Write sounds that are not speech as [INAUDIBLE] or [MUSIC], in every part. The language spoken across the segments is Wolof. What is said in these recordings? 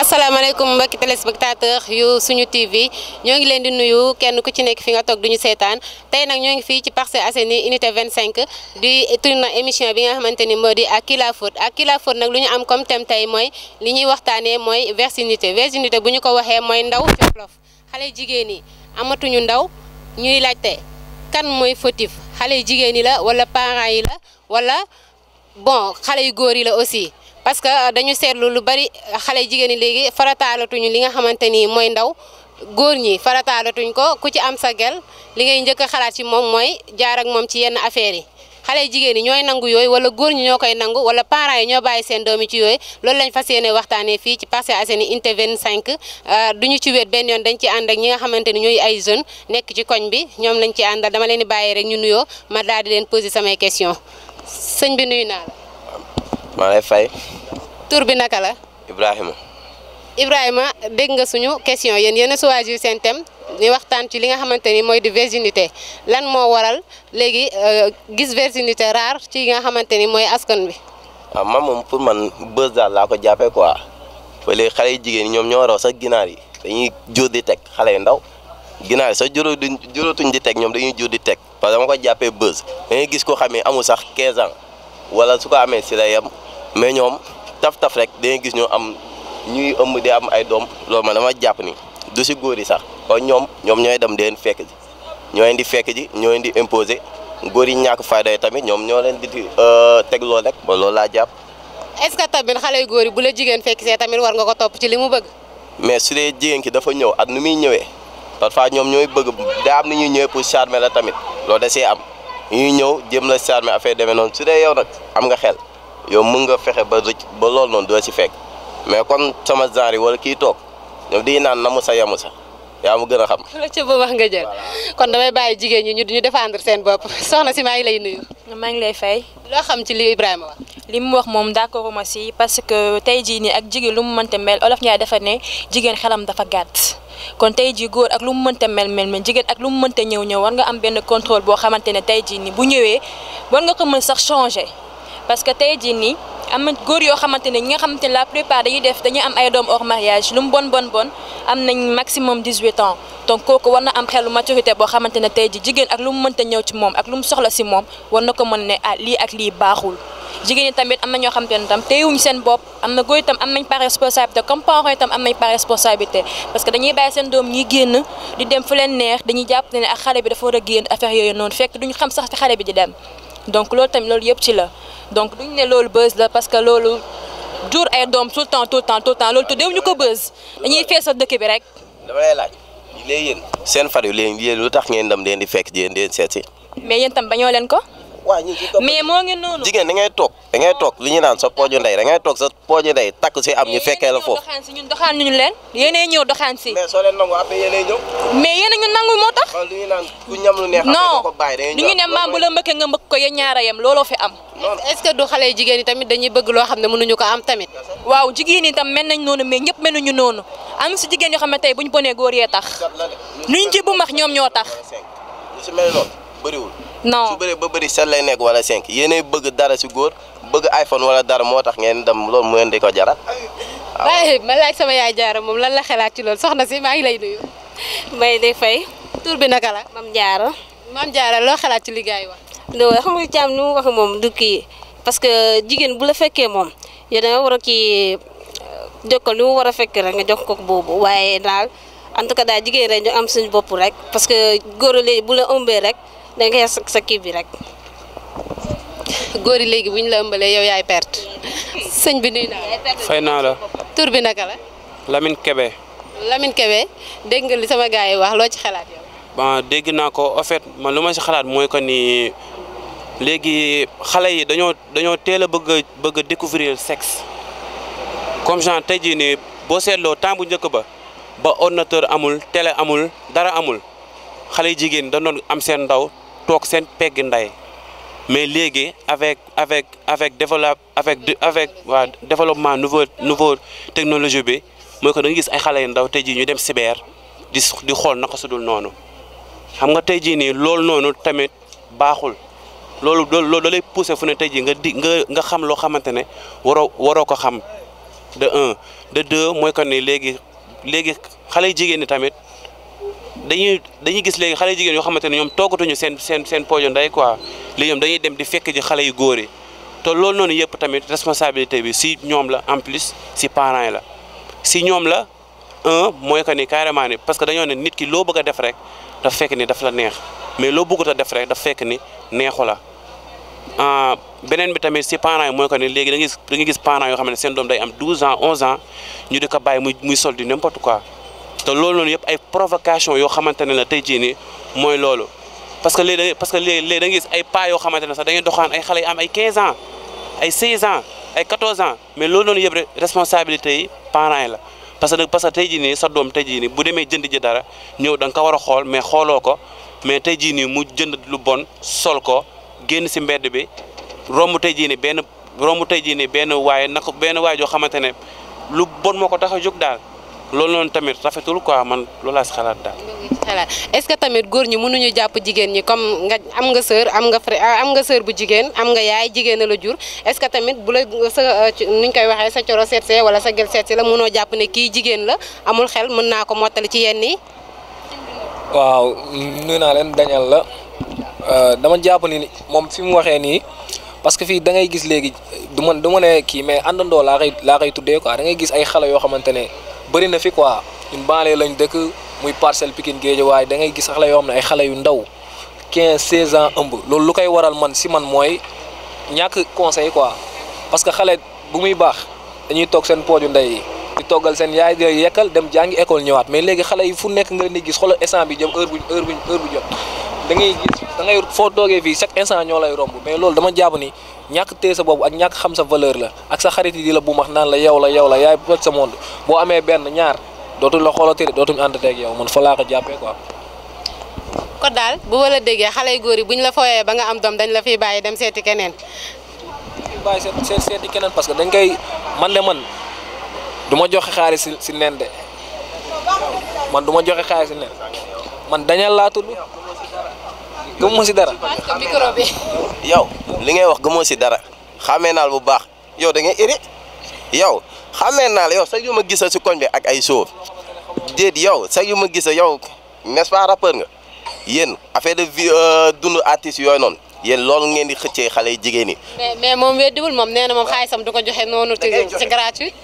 asalaamaaleykum mbokki téléspectateur yu suñu TV ñoo ngi leen di nuyu kenn ku ci nekk fi nga toog duñu seetaan tey nag ñoo ngi fii ci Parcelles Assainies unité 25 di tourner émission bi nga xamante ni moo di à qui la faute nag lu ñu am comme tey mooy li ñuy waxtaanee mooy virginité virginité bu ñu ko waxee mooy ndaw ci wolof xale jigéen yi amatuñu ndaw ñuy laajte kan mooy fautif xale jigéen yi la wala parents yi la wala bon xale yu góor yi la aussi parce que dañu seetlu lu bari xale jigéen yi léegi farataalatuñu li nga xamante ni mooy ndaw góor ñi farataalatuñ ko ku ci am sa gel li ngay njëkk a xalaat ci moom mooy jaar ak moom ci yenn affaires yi. xale jigéen yi ñooy nangu yooyu wala góor ñi ñoo koy nangu wala parents yi ñoo bàyyi seen doomi ci yooyu loolu lañ fas yéene waxtaanee fii ci Parcelles Assainies unité 25 euh, duñu ci wéet benn yoon dañ ci ànd ak ñi nga xamante ni ñooy ay jeunes nekk ci koñ bi ñoom lañ ci ànd dama leen di bàyyi rek ñu nuyoo ma daal di leen poser samay question sëñ bi nuyu naa la. maa lay fay. tur bi naka la. Ibrahima. Ibrahima dégg nga suñu question yéen yéen a choisir seen thème. ñu waxtaan ci li nga xamante ni mooy di virginité lan moo waral léegi euh, gis virginité rare ci nga xamante ni mooy askan bi waaw ah, man moom pour man bës daal laa ko jàppee quoi fële xale yi jigéen ñoom ñoo raw sax ginaar yi dañuy jur di teg xale yu ndaw ginaar yi sax juróo di juróotuñ di teg ñoom dañuy jur di teg parce que dama ko jàppee bës da ngay gis ko xamee amu sax 15 ans wala su ko amee si la yem mais ñoom taf-taf rek da gis ñoo am ñuy ëmb di am ay doom loolu man dama jàpp ni du góor yi sax kon ñoom ñoom ñooy dem di fekk ji ñoo leen di fekk ji ñoo leen di imposer góor yi ñàkk fayda tamit ñoom ñoo leen di euh, teg loolu rek ba loolu laa jàpp. est-ce que tamit xale yu góor yi bu la jigéen fekk see tamit war nga ko topp ci li mu bëgg. mais su dee jigéen ki dafa ñëw ak nu muy ñëwee parfois ñoom ñooy bëgg daa am ni ñuy ñëwee pour charmer la tamit loolu da see am ñuy ñëw jëm la charmer affaire demee noonu su dee yow nag am nga xel yow mën nga fexe ba rëcc ba loolu noonu doo si fekk mais kon sama genre yi wala kii toog ñoom di naan namu sa yamu sa yaa ma gën a xam. la ca ba nga jël kon damay bàyyi jigéen ñi ñu ñu défendre seen bopp [LAUGHS] soxna si maa ngi lay nuyu. maa ngi lay fay. loo xam ci li Ibrahima wax. li mu wax moom d'accord ma si parce que tey jii nii ak jigéen lu mu mënta mel olof Ndiaye dafa ne jigéen xelam dafa gàtt. kon tey jii góor ak lu mu mënta mel mel mel jigéen ak lu mu mënta ñëw ñëw war nga am benn contrôle boo xamante ne tey jii nii bu ñëwee war nga ko mën sax changer. parce que tey jii nii am na góor yoo xamante ne ñi nga xamante ne la plupart dañuy def dañu am ay doom hors mariage lu mu bon bon bon am nañ maximum 18 ans donc kooku war na am xelu maturité boo xamante ne tey jii jigéen ak lu mu mënta ñëw ci moom ak lu mu soxla si moom war na ko mën ne ah lii ak lii baaxul. jigéen ñi tamit am na ñoo xam xamante ne tam téyewuñu seen bopp am na góor itam am nañ par responsabilité comme parents itam am nañ par responsabilité que dañuy bàyyi seen doom ñuy génn di dem fu leen neex jàpp ne ak ah, xale bi dafa war a génn affaire xam sax ci xale bi di dem donc loolu tamit loolu yëpp ci la donc duñ ne loolu buzz la parce que loolu jur ay doom tout le temps tout le temps tout le temps loolu tuddee ñu ko buzz dañuy feesal dëkk bi rek. dama lay laaj léegi yéen seen far yu léegi yéen lu tax ngeen dem leen di fekk di leen seet mais yéen tam bañoo leen ko. mais moo ngi noonu. jigéen da ngay toog da ngay toog li ñu naan sa pooju ndey da toog sa pooju ndey takk si am ñu fekkee la foofu. doxaan si ñun doxaan ñu leen yéenay ñëw doxaan si. mais soo leen nangu après yéenay ñëw. mais yéen a ñu nangu moo tax. li ñu ñu ne maam bu la mbëkkee nga mbëkk ko ya ñaara yem looloo fi am. est que du xale jigéen yi tamit dañuy bëgg loo xam ne mënuñu ko am tamit. waaw jigéen yi tam mel nañ noonu mais ñëpp meluñu noonu am si jigéen yoo xam ne tey bu ñu bonee góor yee tax. nuñ ci bu max ñoom ñoo tax. bëriwul. non su bëree ba bëri sept lay nekk wala cinq yéenay bëgg dara si góor bëgg iPhone wala dara moo tax ngeen dem loolu mu ngeen di ko jaral. waaw ma laaj sama yaay jaara moom lan la xalaat ci loolu soxna si maa ngi lay nuyu. Mbaye Ndeye Faye. tur bi naka la. jaara. maam jaara loo xalaat ci liggéey wax. loo xam nga caam nu mu wax moom du kii parce que jigéen bu la fekkee moom yow da nga war a kii euh, jokkal lu mu war a fekk rek nga jox ko boobu waaye daal en tout cas daal jigéen rek ñu am suñu bopp rek parce que góor léegi bu la ëmbee rek. da ngay yas sa kii bi rek. góor yi léegi bu ñu la ëmbalee yow yaay perte sëñ bi nuyu naa fay naa la. tur bi naka la. Lamine Kebe. lamin Kebe dégg nga li sama gars yi wax loo ci xalaat yow. bon dégg naa ko en fait man lu ma ci xalaat mooy que ni léegi xale yi dañoo dañoo teel a bëgg bëgg a découvrir sexe comme genre tey jii nii boo seetloo temps bu njëkk ba ba ordinateur amul télé amul dara amul xale yu jigéen dañu doon am seen ndaw. toog seen pegg nday mais léegi avec avec avec développe avec avec waa développement nouveau nouveau technologie bi mooy ko da gis ay xale yu ndaw tey jii ñu dem cyber di di xool naka sudul noonu xam nga tey jii nii loolu noonu tamit baaxul loolu loolu da lay fu ne tey jii nga di nga nga xam loo xamante ne waroo waroo ko xam de un de deux mooy ko ni léegi léegi xale jigéen ñi tamit. dañuy dañuy gis léegi xale jigéen yoo xamante ne ñoom toogatuñu seen seen seen poojo nday quoi li ñoom dañuy dem di fekk ji xale yu góor yi loolu noonu yëpp tamit responsabilité bi si ñoom la en plus si parents yi la si ñoom la un mooy que ni carrément ni parce que dañoo ne nit ki loo bëgg def rek daf fekk ni daf la neex mais loo bëggut a daf fekk ni neexu la beneen bi tamit si parents yi mooy que léegi da gis da nga yoo xam ne seen doom day am 12 an 11 an ñu di ko bàyyi muy muy sol di n'importe quoi te loolu noonu yëpp ay provocation yoo xamante ne la tey jii nii mooy loolu parce que léegi parce que léegi da ngay ay pas yoo xamante ne sax da ngeen doxaan ay xale yu am ay 15 ans ay 16 ans ay 14 ans mais loolu noonu yëpp rek responsabilité yi parents yi la parce que parce que tey jii nii sa doom tey jiini bu demee jënd ji dara ñëw da nga ko war a xool mais xooloo ko mais tey jii nii mu jënd lu bon sol ko génn si mbedd bi romb tey jii nii benn romb tey jii nii benn waaye naka benn waay joo xamante ne lu bon moo ko tax a jóg daal. loolu noonu tamit rafetul quoi man loolaa si xalaat daal. est-ce que tamit góor ñi mënuñu jàpp jigéen ñi comme nga am nga sœur am nga frère am nga sœur bu jigéen am nga yaay jigéen a la jur est-ce que tamit bu la sa euh, nuñ koy waxee sa coro seet wala sa gel seet si la mënoo jàpp ne kii jigéen la amul xel mën naa ko mottali ci yenn yi. waaw nuyu naa leen dañal la euh, dama jàpp ni moom fi mu waxee nii. parce que fii da ngay gis léegi du man du ma ne kii mais àndandoo laa koy laa tuddee quoi da ngay gis ay xale yoo xamante ne bëri na fi quoi ñun banlieue lañ dëkk muy parcelle Pikine Guédiawaye da ngay gis xale yoo xam ne ay xale yu ndaw 15 16 ans ëmb loolu lu koy waral man si man mooy ñàkk conseil quoi parce que xale bu muy baax dañuy toog seen pooju ndey yi di toggal seen yaay day yekkal dem jàngi école ñëwaat mais léegi xale yi fu nekk nga leen di gis xoolal instant bi jëm heure bu heure bu heure bu jot da gis da ngay foo toogee fii chaque instant ñoo lay romb mais loolu dama jàpp ni ñàkk téye sa boobu ak ñàkk xam sa valeur la ak sa xarit yi di la bu max naan la yow la yow la yaay boj sa monde boo amee benn ñaar dootuñ la xoolati dootuñ àndatee ak yow man fa laa ko jàppee quoi. kon daal bu ma déggee xale yu góor yi bu ñu la fooyee ba nga am doom dañ la fiy bàyyi dem seeti keneen. dañ bàyyi seet seeti keneen parce que dañ koy man de man duma joxe xaalis si si nen de man duma joxe xaalis si nen man dañal laa tudd gëmmoo si dara. micro yow li ngay wax gëmmoo si dara xamee naal bu baax yow da ngay iri yow xamee naal yow sax yu ma gisa si koñ bi ak ay sóof déet yow sax yu ma gisa yow n'est-ce pas rappeur nga yéen affaire de vi euh, dund artiste yooyu noonu. yéen loolu ngeen di xëccee xale yi jigéen ñi. mais mais moom weddiwul moom nee na moom ah. xaalisam du ko joxe noonu. da ngay joxe ci gratuit.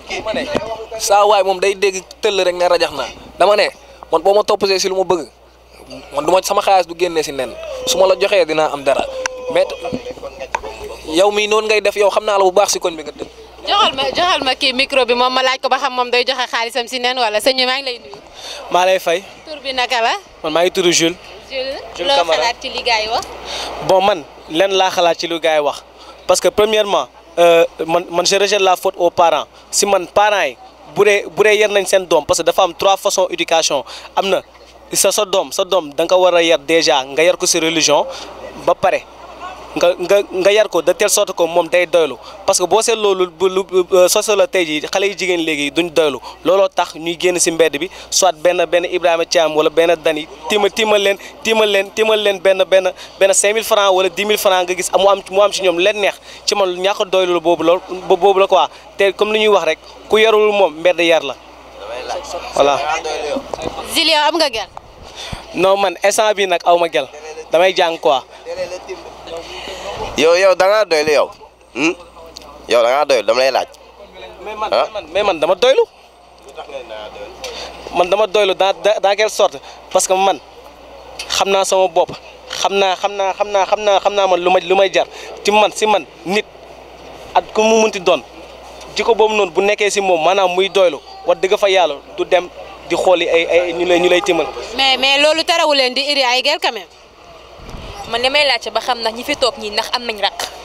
waay moom day dégg tëll rek ne rajax na dama ne boo ma toppatee si lu ma bëgg. man du ma sama xaalis du génnee si nen su ma la joxee dinaa am dara mais yow mii noonu ngay def yow xam naa la bu baax si koñ bi nga dëkk. joxal ma kii micro bi moom ma laaj ko ba xam moom day joxe xaalisam si nen wala sëñ bi maa lay maa lay fay. tur bi naka la. man maa ngi tur Jules. Jules loo xalaat ci li gars yi wax. bon man lenn laa xalaat ci li gars yi wax parce que premièrement euh, man man je rejette la faut au parent si man parent yi bu dee bu dee yar nañ seen doom parce que dafa am trois façons éducation am na. sa sa doom sa doom da nga war a yar déjà nga yar ko si religion ba pare nga nga nga yar ko de telle sot ko moom day doylu parce que boo seet loolu lu euh, sosio la tey jii xale yu jigéen léegi duñ doylu looloo tax ñuy génn si mbedd bi soit benn a Ibrahima Thiam wala benn Dani tiima tiimal leen tiimal leen tiimal leen benn benn benn 5000 francs wala 10 000 francs nga gis mu am mu am si ñoom leen neex ci man ñàkk a doylu boobu lool boobu la quoi te comme li ñuy wax rek ku yarul moom mbedd yar la voilà. Zilio am nga gel non man instant bi nag aw ma gel damay jàng quoi. yow yow da ngaa doylu yow. Hmm? yow da ngaa doylu dama lay laaj. Ah? mais man mais man dama doylu. man dama doylu dans dans quelle sorte parce que man xam naa sama bopp xam naa xam naa xam naa xam naa xam naa man lu may lu may jar ci man si man nit ak ku mu munti doon jikko boobu noonu bu nekkee si moom maanaam muy doylu wax dëgg fa yàlla du dem. di xool yi ay ñu lay ñu lay timal. mais mais loolu tarawu leen di iri ay gel quand même. man damay laajte ba xam ndax ñi fi toog ñi ndax am nañ ràq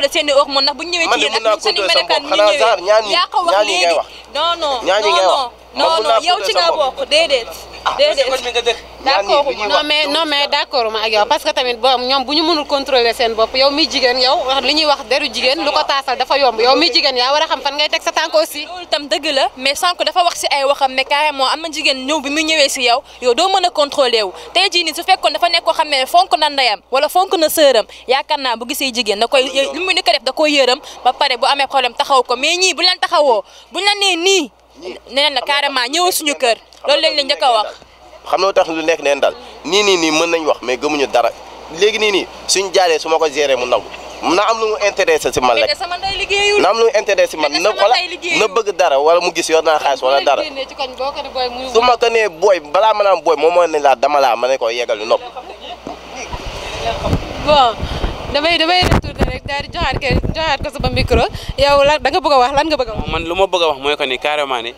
contrôler seen i hormones ndax bu ñu ñëwee ci yéen ak suñu melokaan ñu ñëwee yaa ko wax léegi non non non non non yow ci nga bokk déedéet Ah, déedéet d'accord non mais non mais d'accord ma ak yow parce que tamit boobu ñoom bu ñu mënul contrôler seen bopp yow mi jigéen yow li ñuy wax deru jigéen lu ko taasal dafa yomb yow mi jigéen yaa war a xam fan ngay teg sa tànk aussi loolu dëgg la mais sànq dafa wax si ay waxam ne carrément am na jigéen ñëw bi mu ñëwee si yow yow doo mën a contrôler wu tey jii nii su fekkoon dafa nekk koo xam ne fonk na ndeyam wala fonk na sëram yaakaar naa bu gisee jigéen da koy li mu ko def da koy yërëm ba pare bu taxaw ko mais ñii bu leen taxawoo buñ la nee nii neneen la carrément ñëwal suñu kër loolu lañ la njëkk a wax. xam nga tax lu nekk neen daal nii nii nii mën nañ wax mais gëmuñu dara léegi nii nii suñ jaalee su ma ko géré mu ndaw na am lu mu intéressé si man rek na am lu mu intéressé si man na xola na bëgg dara wala mu gis yor naa wala dara su ma ko nee booy balaa ma naan booy moom moo ne laa dama laa ma ne ko yegal lu nopp bon damay damay retourné rek daal di joxaat ko joxaat ko sama micro yow lan a wax lan nga bëgg a wax man lu ma bëgg a wax mooy ko ni carrément ni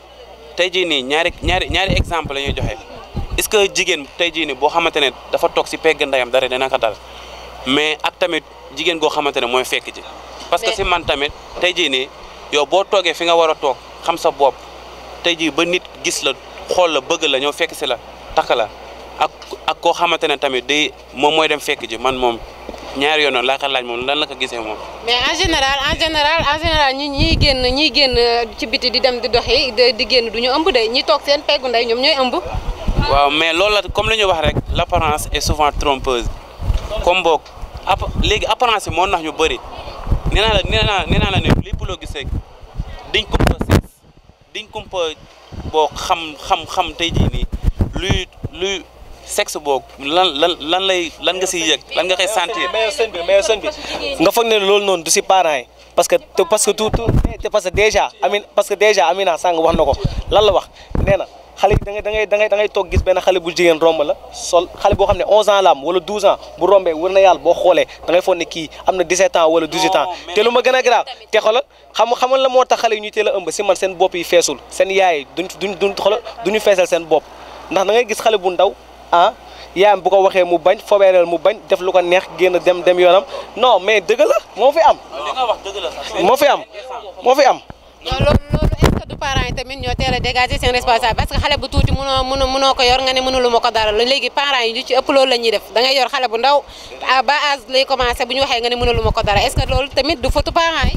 tey jii nii ñaari ñaari ñaari exemple la ñuy joxe est-ce que jigéen tey jii nii boo xamante ne dafa toog si pegg ndeyam dara dina ko dal mais ak tamit jigéen goo xamante ne mooy fekk ji. parce que si man tamit tey jii nii yow boo toogee fi nga war a toog xam sa bopp tey jii ba nit gis la xool la bëgg la ñëw fekk si la takk la ak ak koo xamante ne tamit day moom mooy dem fekk ji man moom ñaari yoon laa ko laaj moom lan la ko gisee moom. mais en général en général en général ñi génn ñiy génn ci biti di dem di doxi di génn du ñu ëmb de ñi toog seen peggu ndey ñoom ñooy ëmb. waaw mais loolu comme li ñu wax rek l' apparence est souvent trompeuse comme boog app léegi apparence bi moo nax ñu bëri nee naa la nee naa nee naa la ne lépp loo gis diñ kumpa sees diñ kumpa boo xam xam xam luy. sex boobu lan lan lan lay lan nga siy yëg lan nga koy sentir. mais sëñ bi mais sëñ bi nga foog ne loolu noonu du si parent yi parce que parce que tout tout parce que déjà Amina parce que Amina sàng wax na ko lan la wax nee na xale da ngay da ngay da ngay da ngay gis benn xale bu jigéen romb la sol xale boo xam ne 11 ans la am wala 12 ans bu rombee wër boo xoolee da ngay foog ne am na wala 18 ans te lu ma a xam xamal la moo tax xale yi ñu teel a ëmb si man seen bopp yi feesul seen yaay duñ duñ duñ xoolal duñu feesal seen bopp ndax da ngay gis xale bu ndaw ah yaayam bu ko waxee mu bañ fobeeral mu bañ def lu ko neex génn dem dem yoonam non mais dëgg la moo fi am. moo fi am moo fi am. parents yi tamit ñoo teel a dégager seen responsable parce que xale bu tuuti mënoo mënoo ko yor nga ne mënulu ma ko dara léegi parents yi ñu ci ëpp loolu lañuy ñuy def da ngay yor xale bu ndaw ba âge lay commencé bu ñu waxee nga ne mënulu ma ko dara est-ce que loolu tamit du fatu parents yi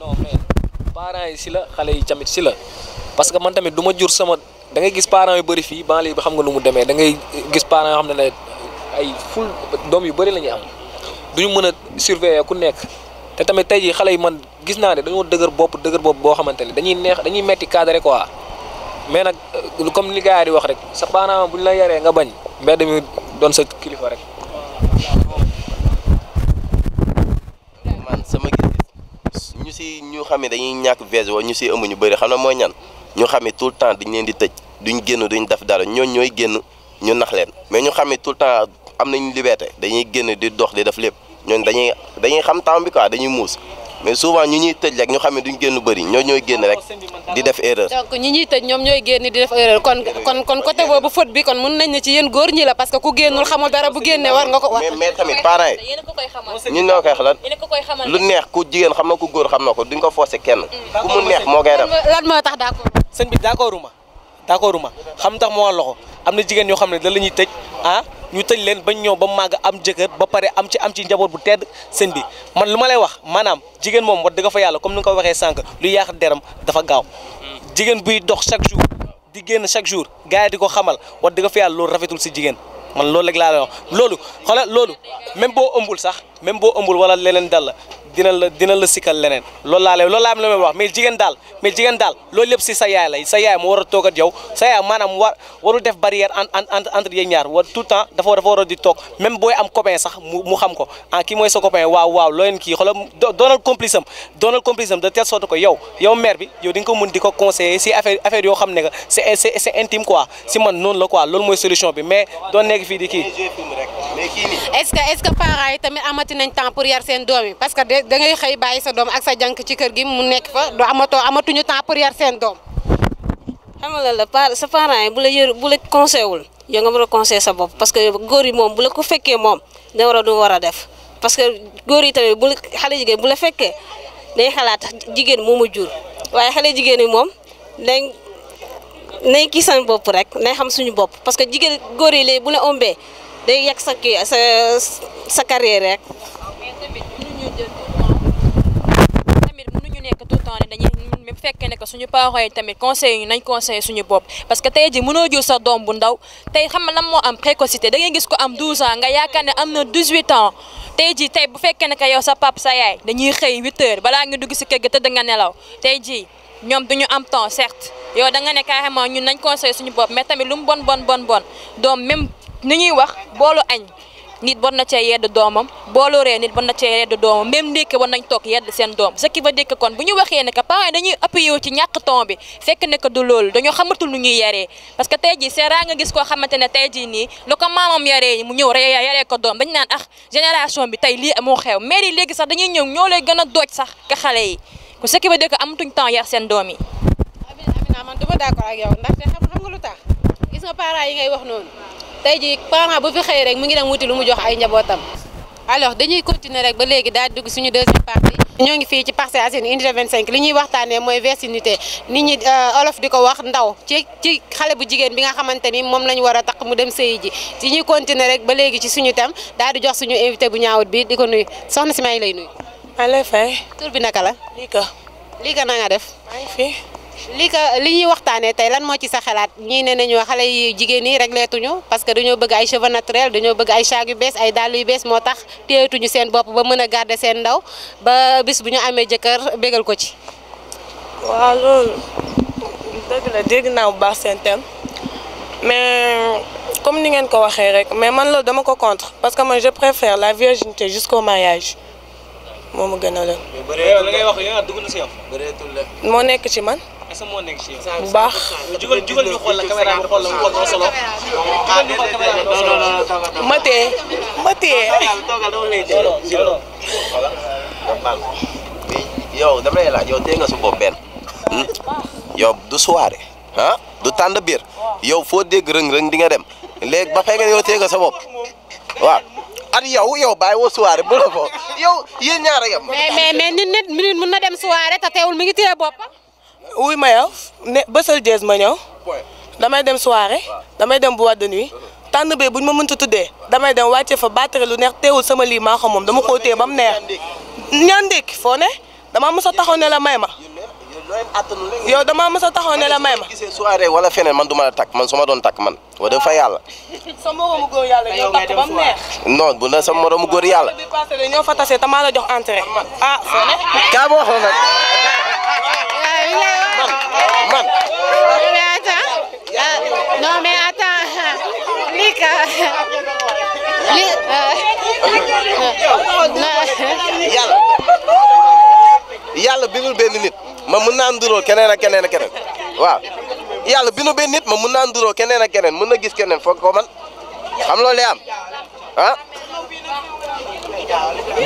non mais yi si la xale yi tamit si la parce que man tamit du jur sama da ngay gis parents yu bari fii banlieue bi xam nga nu mu demee da ngay gis parents yoo xam ne ne ay ful doom yu bari lañuy ñuy am duñu mën a surveiller ku nekk te tamit tey jii xale yi man gis naa ne dañoo dëgër bopp dëgër bopp boo xamante ne dañuy neex dañuy metti cadre quoi mais nag euh, comme li gars yi di wax rek sa parent bu ñu la yaree nga bañ mbedd mi doon sa kilifa rek. man sama gis ñu si ñu xam ne dañuy ñàkk vés wala ñu si ëmb ñu bëri xam na mooy ñan. ñu xam ne tout le temps dañ leen di tëj duñ génn duñ def dara ñooñ ñooy génn ñu nax leen mais ñu xam ne tout temps am nañ liberté dañuy génn di dox di def lépp ñooñ dañuy dañuy xam temps dañuy muus mais souvent ñu ñuy tëj rek ñu xam ne duñ génn bëri ñoo ñooy génn rek di def erreur. donc ñi ñuy tëj ñoom ñooy génn di def erreur kon kon kon côté boobu faute bi kon mun nañ ne ci yéen góor ñi la parce que ku génnul xamul dara bu génnee war nga ko wax. mais mais tamit parents yi ñun neex ku jigéen xam na ku góor xam na ko duñ ko forcer kenn ku mu neex moo koy def. lan moo tax d'accord. sëñ bi d'accorduma d'accorduma xam tax moo loxo am na jigéen ñoo xam ne da la ñuy tëj ah ñu tëj leen bañ ñëw ba màgg am jëkkër ba pare am ci am ci njaboot bu tedd seen bi man lu ma lay wax maanaam jigéen moom wax dëgg fa yàlla comme ni nga ko waxee sànq lu yaax deram dafa gaaw jigéen buy dox chaque jour di génn chaque jour gars di ko xamal wax dëgg fa yàlla loolu rafetul si jigéen man loolu rek laa lay wax loolu xoolal loolu même boo ëmbul sax même boo ëmbul wala leneen dal la dina la dina la sikkal leneen loolu laa lay loolu laa am mais jigéen daal mais jigéen loolu la ah mooy sa copain waaw waaw looleen kii xoolal la mooy solution bi mais doon nekk fii di kii. amati nañ temps pour yar seen doom yi parce que da ngay xëy bàyyi sa doom ak sa jànq ci kër gi mu nekk fa doo amatoo amatuñu temps pour yar seen doom. xam nga la sa parents bu la yër bu la wul yow nga war a conseil sa bopp parce que góor yi moom bu la ko fekkee moom da war a du war a def parce que góor yi tamit bu la xale jigéen bu la fekkee day xalaat jigéen moom a jur waaye xale jigéen yi moom dañ. nañ kii seen bopp rek nañ xam suñu bopp parce que jigéen góor yi léegi bu la ombee day yàq sa kii sa sa carrière rek. mais tamit mënuñu jël tout le temps tamit tout le temps dañuy même fekkee ne que suñu parents yi tamit conseil yi nañ conseil suñu bopp parce que tey ji mënoo jur sa doom bu ndaw tey xam nga lan moo am précocité da ngay gis ko am 12 ans nga yaakaar ne am na 18 ans tey ji tey bu fekkee ne que yow sa pap sa yaay dañuy xëy 8 heures balaa nga dugg si kër ga tëdd nga nelaw tey ji ñoom ñu am temps certes yow da nga ne carrément ñun nañ conseillé suñu bopp mais tamit lu mu bon bon bon bon doom ni ñuy wax boolu añ nit war na cee yedd doomam boolu ree nit war na cee yedd doomam même ndékki nañ toog yedd seen doom ce qui veut dire kon bu ñu waxee ne que parents yi dañuy appuyé ci ñàkk temps bi fekk ne que du loolu dañoo xamatul nu ñuy yaree parce que tey jii seeraa nga gis koo xamante ne tey jii nii lu ko maamam yaree mu ñëw ree yaree ko doom dañ naan ah génération bi tey lii moo xew mère yi léegi sax dañuy ñëw ñoo lay gën a dooj sax ka xale yi ko ce qui veut dire que amatuñ temps yar seen doom yi. Amina Amina man lu tax gis nga parent yi ngay wax noonu tey ji parent bu fi xëy rek mu ngi dem wuti lu mu jox ay njabootam alors dañuy continuer rek ba léegi daal dugg suñu deuxième partie ñoo ngi fii ci Parcelles Assainies unité 25 li ñuy waxtaanee mooy virginité ni ñi euh, olof di ko wax ndaw ci ci xale bu jigéen bi nga xamante ni moom la ñu war a tax mu dem sëyi ji ci ñuy continuer rek ba léegi ci suñu thème daal di jox suñu invité bu ñaawut bi di ko nuyu soxna si maa ngi lay nuyu. maa ngi bi naka la. lii ka. ka na li ko li ñuy waxtaanee tey lan moo ci sa xalaat ñii ne nañu xale yi jigéen ñi régleetuñu parce que dañoo bëgg ay cheveux naturel dañoo bëgg ay saag yu bees ay dàll yu bees moo tax téyetuñu seen bopp ba mën a garder seen ndaw ba bis bu ñu amee jëkkër bégal ko ci. waaw loolu dëgg dégg naa bu baax seen thème mais comme ni ngeen ko waxee rek mais man loolu dama ko contre parce que man je préfère la virginité jusqu'au mariage. moom ma gën a la. moo nekk ci man. est-ce que moo nekk ci yow. ma tee ma tee. yow dama lay yow dégg nga su bopp benn. yow du soirée. ah du tànn biir. yow foo dégg rëng-rëng di nga dem. léegi ba fay nga yow teg sa bopp waaw. at yow yow bàyyi woo soirée bu la yow yéen ñaar a yem. mais mais mais mun na dem soirée te teewul mi ngi téye boppam. wuy ma yow ne bësal jees ma ñëw damay dem soirée damay dem boîte de nuit uh-huh. tànn bee buñ ma mënta tuddee damay dem wàcce fa battre lu neex teewul sama lii maa xam moom dama koo téye ba mu neex ñaan ndékki foo ne damaa mos a taxaw ne la may ma yow dama mës a taxaw ne la may ma. wala feneen man du ma la takk man su ma doon takk man wax fa yàlla. [LAUGHS] sa moromu góor yàlla ñoo takk ba mu neex. la sa moromu góor yàlla. Ah, ka lii. Euh, yàlla. yàlla bindul benn ma mun naa nduróo keneen ak keneen a keneen waaw yàlla bi nu benn nit ma mën naa nduróo keneen ak keneen mën na gis keneen foog ko man xam loolu lay am ah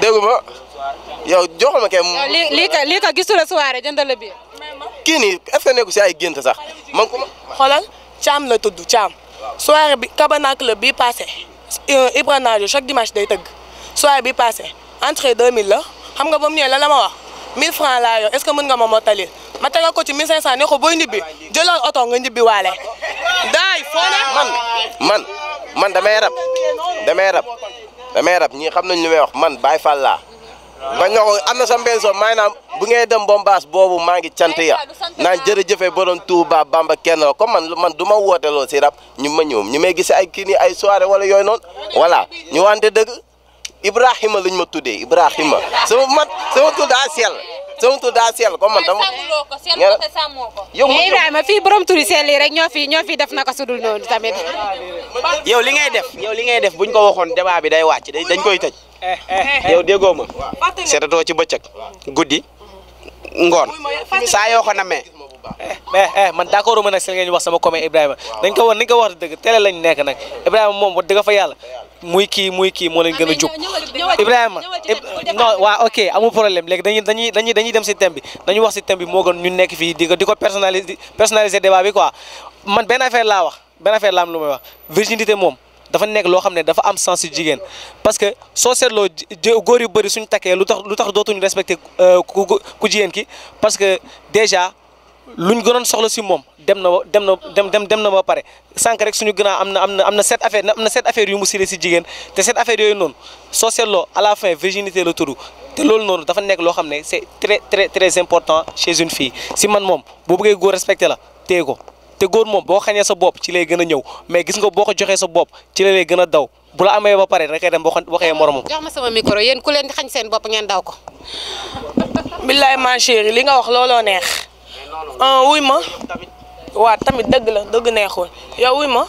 déggu ma yow joxal ma kay. lii lii lii ka gisul la soirée jëndal la bi. kii nii est-ce si ay gént sax man ku ma. xoolal la tudd caam soirée bi Tabernacle la bii passé euh, Ibra chaque dimanche day tëgg soirée bi passé entrée 2000 la xam nga ba mu ñëwee la la ma 1000 francs laa yor est-ce mën nga ma mottali ma tegal ko ci 1500 ne ko booy ñibbi jëlal oto nga ñibbi waale. daay foo man man man damay rab damay rab damay rab ñii xam nañ lu may wax man Baye Fall laa ba ñoo ko am na sa benn maanaam bu ngay dem bombaas boobu maa ngi cant ya naan jërëjëfee borom Touba Bamba kenn la comme man man du ma woote lool si rab ñu ma ñëw ñu may gis ay kii nii ay soirée wala yooyu noonu voilà ñu wante dëgg. Ibrahima lañ ma tuddee Ibrahima sama mat sama tur daa sell sama tur daa sell comme man dama. yow ma Ibrahima fii borom turi sell yi rek ñoo fi ñoo fi def naka sudul noonu tamit. yow li ngay def li ngay def buñ ko waxoon de bi day wàcc dañ koy tëj. yow déggoo ma. seetatoo ci bëccëg guddi ngoon saa yoo ko namee. mais eh, eh, eh, man d' accord ma nag seen ngeen wax sama commune Ibrahima dañ ko war nañ ko wax dëgg télé lañ nekk nag Ibrahima moom wax dëgg fa yàlla muy kii muy kii moo leen gën a jub Ibrahima non waa ok amul problème léegi dañuy dañuy dañuy dañuy dem si thème bi dañuy wax si thème bi moo gën ñu nekk fii di ko di ko personnaliser personnaliser débat bi quoi man benn affaire laa wax benn affaire laa am lu may wax virginité moom dafa nekk loo xam ne dafa am sens jigéen parce que soo seetloo góor yu bëri suñu takkee lu tax lu tax dootuñu respecté euh, ku ku jigéen ki parce que déjà luñ gënoon soxla si moom dem na dem na dem na ba pare sànq rek suñu gën a am na am na am na sept affaire am yu mu si jigéen te sept affaires yooyu noonu soo seetloo à la fin virginité la tudd te loolu noonu dafa nekk loo xam ne c'est très très important chez une fille si man moom boo bëggee góor respecté la téye ko te góor moom boo xañee sa bopp ci lay gën a ñëw mais gis nga boo ko joxee sa bopp ci la lay gën a daw bu la amee ba pare rek dem boo xam waxee moromam. jox ma sama micro yéen ku leen di xañ seen ah wuy ma waaw tamit dëgg la dëgg neexul yow wuy ma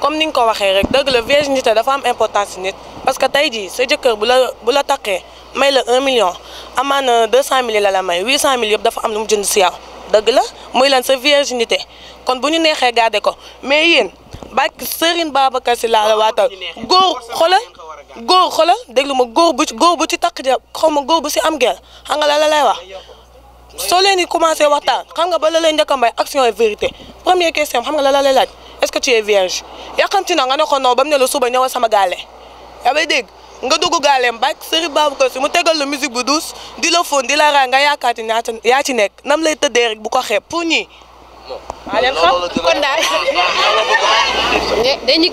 comme ni nga ko waxee rek dëgg la virginité dafa am importance si nit parce que tey jii sa jëkkër bu la bu la taqee may la un million amaana deux cent mille la la may huit cent mille yëpp dafa am lu mu jënd si yow dëgg la muy lan sa virginité kon bu ñu neexee garder ko mais yéen bàkk Serigne Babacar Sy laa la waatal góor xoolal góor xoolal déglu ma góor bu ci góor bu ci takk ja xaw ma góor bu si am gel xam nga la la lay soo leen di commencé waxtaan xam nga ba la lay njëkk a may action et vérité première question xam nga la laaj est-ce que tu es vierge yàqamti na nga ne ko non ba mu suba ñëwal sama gaale yaa bay dégg nga dugg gaaleem bak sëriñ Babacar Sy mu tegal la musique bu douce di la fóon di la raay nga yaakaar ni yaa ci nekk nam lay tëddee rek bu ko xeeb pour ñii waaw lépp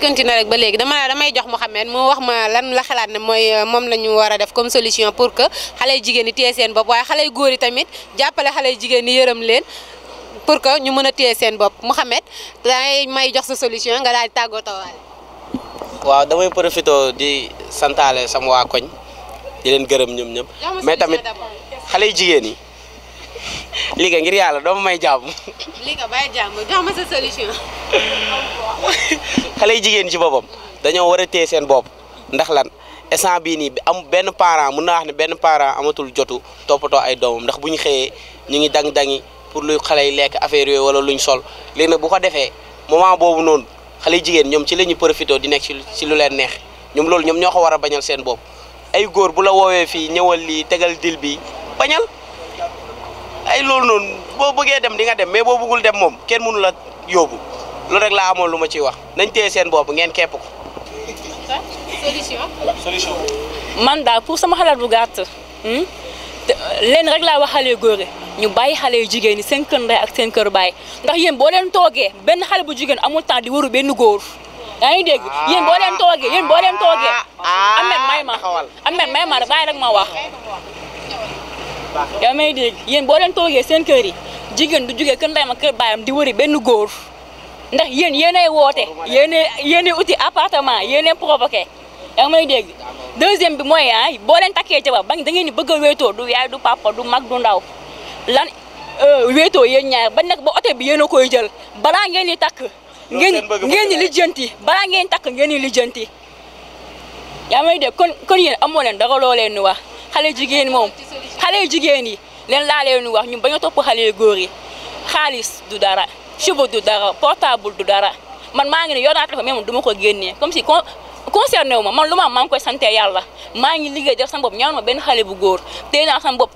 xam kon rek ba léegi dama damay jox Mouhamed mu wax ma lan la xalaat ne mooy euh, moom la ñu war a def comme solution pour que xale jigéen ñi téye seen bopp waaye xale góor yi tamit jàppale xale jigéen ñi yërëm leen pour que ñu mën a téye seen bopp Mouhamed dangay may jox sa solution nga daal di tàggatoo waale. waaw damay profité di santaale sama waa koñ di leen gërëm ñoom ñëpp. mais tamit xale jigéen yi. liggéey ngir yàlla doo may jàmm. liggéey bàyyi jàmm jox ma sa solution. [LAUGHS] xale jigéen ci boppam dañoo war a téye seen bopp ndax lan instant bii nii am benn parent mun naa wax ne benn parent amatul jotu toppatoo ay doomam ndax bu ñu xëyee ñu ngi dang-dangi pour luy xale yi lekk affaire yooyu wala luñ sol léegi nag bu ko defee moment boobu noonu xale jigéen ñoom ci lañuy ñuy profité di nekk ci lu leen neex ñoom loolu ñoom ñoo ko war a bañal seen bopp ay góor bu la woowee fii ñëwal lii tegal dil bi bañal. ay loolu noonu boo bëggee dem di nga dem mais boo bëggul dem moom kenn mënu la yoobu loolu rek laa amoon lu ma ciy wax nañ téye seen boobu ngeen képp ko. solution. solution. man daal pour sama xalaat bu gàtt hmm? leen rek laa wax xale góor ñu bàyyi xale yu jigéen ñi seen kër ak seen kër baay ndax yéen boo leen toogee benn xale bu jigéen amul temps di waru benn góor. yaa ngi dégg ah. yéen boo leen toogee yéen boo leen toogee. Ah. Ah. am na may ma am na may ma bàyyi rek ma wax. yow may dégg yéen boo leen toogee seen kër yi jigéen du jugee kën ndeyam ak kër baayam di wëri benn góor ndax yéen yéenay woote yéenay yéenay uti appartement yéenay provoqué yaa may dégg deuxième bi mooy ah boo leen takkee jabar ba da ngeen ni bëgg a wéetoo du yaay du papa du mag du ndaw lan euh, wéetoo yéen ñaar ba nag ba oto bi yéen a koy jël balaa ngeen di takk. ngeen ngeen di lijjanti balaa ngeen takk ngeen di lijjanti. yaa may dégg kon kon yéen amoo leen dara loo leen di wax. xale jigéen moom xale jigéen yi leen laa leen wax ñun bañ a topp xale góor yi xaalis du dara cheveux du dara portable du dara man maa ngi ne yor naa téléphone mais man ko génnee comme si con concerné wu ma man lu ma maa ngi koy sante yàlla maa ngi liggéey def sama bopp ñaan ma benn xale bu góor tey naa sama bopp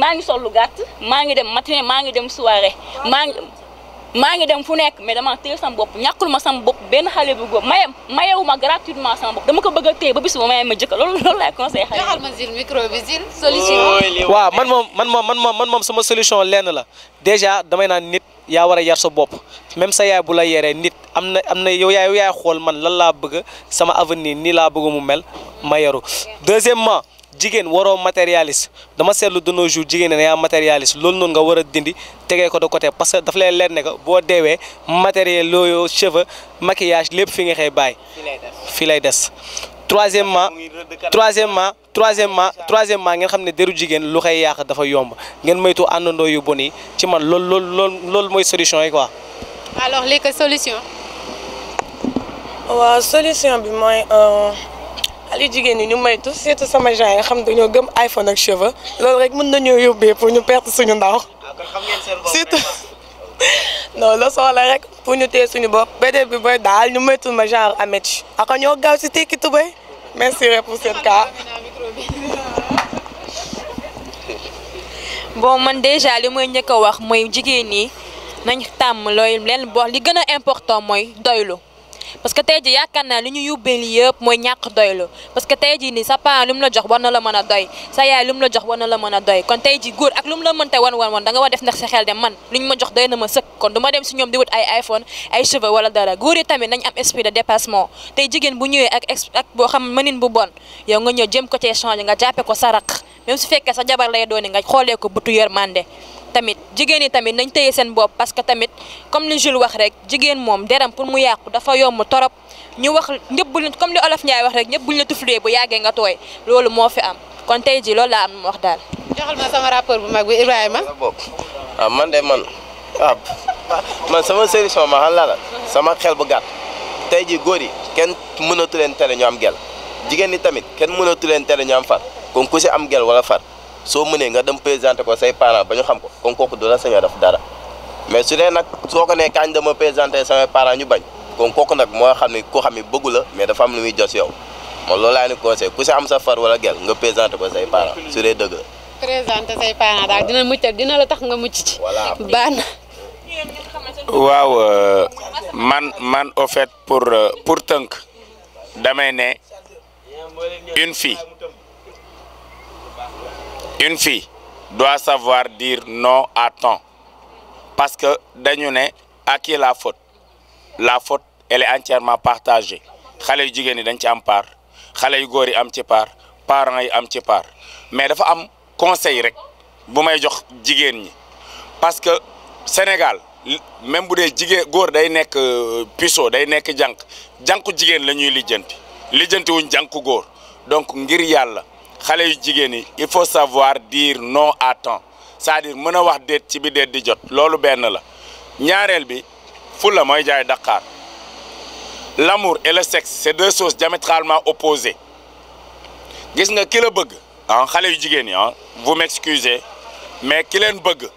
maa ngi sol lu gàtt maa ngi dem matinée maa ngi dem soirée maa maa ngi dem fu nekk mais dama téye sama bopp ñàkkul ma sama bopp benn xale bu góor mayam mayewu ma gratuitement sama bopp dama ko bëgg a téye ba bis ba mayam ma jëkk loolu loolu laay conseillé xale ma zil micro zil solution waaw man moom man moom man moom man moom sama solution lenn la déjà damay naan nit yaa war a yar sa bopp même sa yaay bu la yeree nit am na am na yow yaay yow yaay xool man lan laa bëgg sama avenir nii laa bëgg mu mel ma yaru deuxièmement jigéen waroo matérialiste dama seetlu de nos jours jigéen ne yaa matérialiste loolu noonu nga war a dindi tegee ko de côté parce que daf lay leer ne que boo deewee matériel looyoo cheveux maquillage lépp fi nga xëy bàyyi. fi lay des troisièmement troisièmement troisièmement troisièmement ngeen xam ne deru jigéen lu koy yàq dafa yomb ngeen moytu àndandoo yu bon yi ci man loolu loolu loolu loolu mooy solution yi quoi. alors léegi solution. waaw solution bi mooy. Euh, xale jigéen ñi ñu moytu surtout sama genre yi xam dañoo gëm iPhone ak cheveux loolu rek mën nañoo yóbbee pour ñu perte suñu ndaw surtout [LAUGHS] non la soxla rek pour ñu téye suñu bopp bédé bi booy daal ñu moytul ma genre amet aka ñoo gaaw si tekki tubay merci rek pour seen cas [LAUGHS] bon man déjà li mooy njëkk a wax mooy jigéen ñi nañ tàmm looy leen boo li gën a important mooy doylu parce que tey ji yaakaar naa li ñu yóbbee lii yëpp mooy ñàkk doylu parce que tey ji nii sa parent lu mu la jox war na la mën a doy sa yaay lu mu la jox war na la mën a doy kon tey ji góor ak lu mu la mënte wan wan wan da nga war def ndax sa xel dem man lu ñu ma jox doy na ma sëkk kon du dem si ñoom di wut ay iPhone ay cheveux wala dara góor yi tamit nañ am esprit de dépassement tey jigéen bu ñëwee ak ak boo xam mënin bu bon yow nga ñëw jëm ko cee changé nga jàppe ko sa raq su fekkee sa jabar lay dooni nga xoolee ko butu yërmande tamit jigéen ñi tamit nañ téye seen bopp parce que tamit comme ni Jules wax rek jigéen moom deram pour mu yàqu dafa yomb torop ñu wax ñëpp buñ comme li olof Ndiaye wax rek ñëpp buñ la tuflee bu yàggee nga tooy loolu moo fi am kon tey ji loolu laa am wax daal. joxal sama rapport bu mag bi Ibrahima. Ah, man de man waaw ah, sama solution ma xam la la sama xel bu gàtt tey ji góor yi kenn mënatu leen tere ñu am gel jigéen ñi tamit kenn mënatu leen tere ñu am far ku si am gel wala far. soo mënee nga dem présenté ko say parents ba ñu xam ko kon kooku du la sañ a dara mais su dee nag soo ko nee kañ dama présenté samay parents ñu bañ kon kooku nag moo xam ne ku xam ne bëggu la mais dafa am lu muy jos yow moom loolu laa ni conseil ku si am sa far wala gel nga présenté ko say parents su dee dëgg la. présenté say parents daal dina mucc dina la tax nga mucc ci. voilà baax na. waaw euh, man man au fait pour euh, pour tënk damay ne une fille. une fille doit savoir dire non à temps parce que dañu ne à la faut la faute elle est entièrement partagée xale yu jigéen yi dañ ci am par xale yu góor yi am ci par parents yi am ci par mais dafa am conseil rek bu may jox jigéen ñi parce que Sénégal même bu dee jigéen góor day nekk euh, puceau day nekk jànq jànku jigéen la ñuy lijjanti lijjanti wuñ jànku góor donc ngir yàlla. xale yu jigéen yi il faut savoir dire non à temps cest dire mën a wax déet ci bi déet di jot loolu benn la ñaareel bi fulla mooy jaay Dakar l'amour et le sexe c'est deux choses diamétralement opposées gis nga ki la bëgg ah xale yu jigéen yi ah vous m'excusez mais ki leen bëgg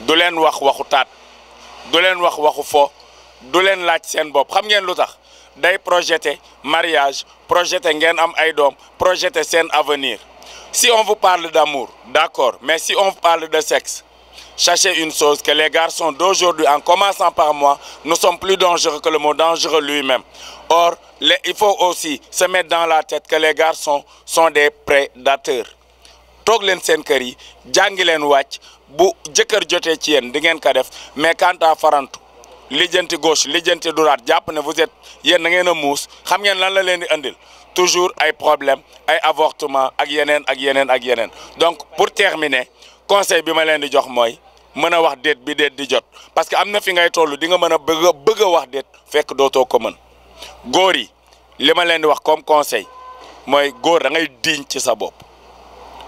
du leen wax waxu taat du leen wax waxu fo du leen laaj seen bopp xam ngeen lu tax day projeté mariage projeté ngeen am ay doom projeté seen avenir si on vous parle d'amour d'accord mais si on vous parle de sexe chache une chose que les garçons d'aujourd'hui en commençant par moi ne sont plus dangereux que le mot dangereux lui-même or les, il faut aussi se mettre dans la tête que les garçons sont des prédateurs toog leen seen kër yi jàngi leen wàcc bu jëkkër jotee ci yéen di ngeen ko def mais quant à farantu lijjanti gauche lijjanti droite jàpp ne vous êtes yéen na ngeen a muus xam ngeen lan la leen di indil toujours ay problème ay avortement ak yeneen ak yeneen ak yeneen donc pour terminer conseil bi ma leen di jox mooy mën a wax déet bi déet di jot parce que am na fi ngay toll di nga mën a bëgg a bëgg a wax déet fekk dootoo ko mën góor yi li ma leen di wax comme conseil mooy góor da ngay diñ ci sa bopp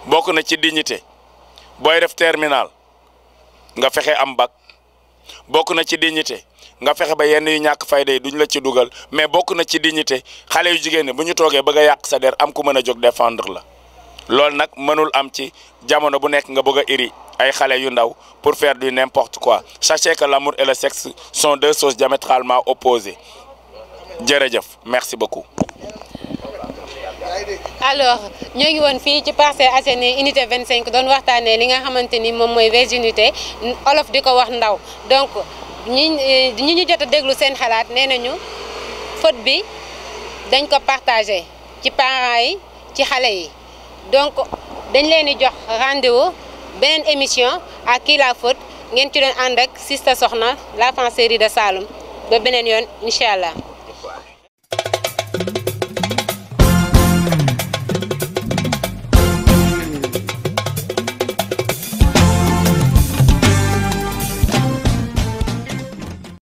bokk na ci dignité booy def terminal nga fexe am bac bokk na ci dignité nga fexe ba yenn yu ñàkk fayda yi duñu la ci dugal mais bokk na ci dignité xale yu jigéen bu ñu toogee bëgg a yàq sa der am ku mën a jóg défendre la loolu nag mënul am ci jamono bu nekk nga bëgg a iri ay xale yu ndaw pour fair du n'importe quoi sachez que l'amour et le sexe sont deux choses diamétralement opposées jërëjëf merci beaucoup. alors ñoo ngi woon fii ci Parcelles Assainies unité cinq doon waxtaanee li nga xamante ni moom mooy virginité olof di ko wax ndaw ñi eh, ñi jot a déglu seen xalaat nee nañu faute bi dañ ko partagé ci parents yi ci xale yi donc dañ leen di jox rendez-vous beneen émission à qui la ngeen ci doon ànd ak Sista Soxna la fan série de saalum ba beneen yoon incha allah.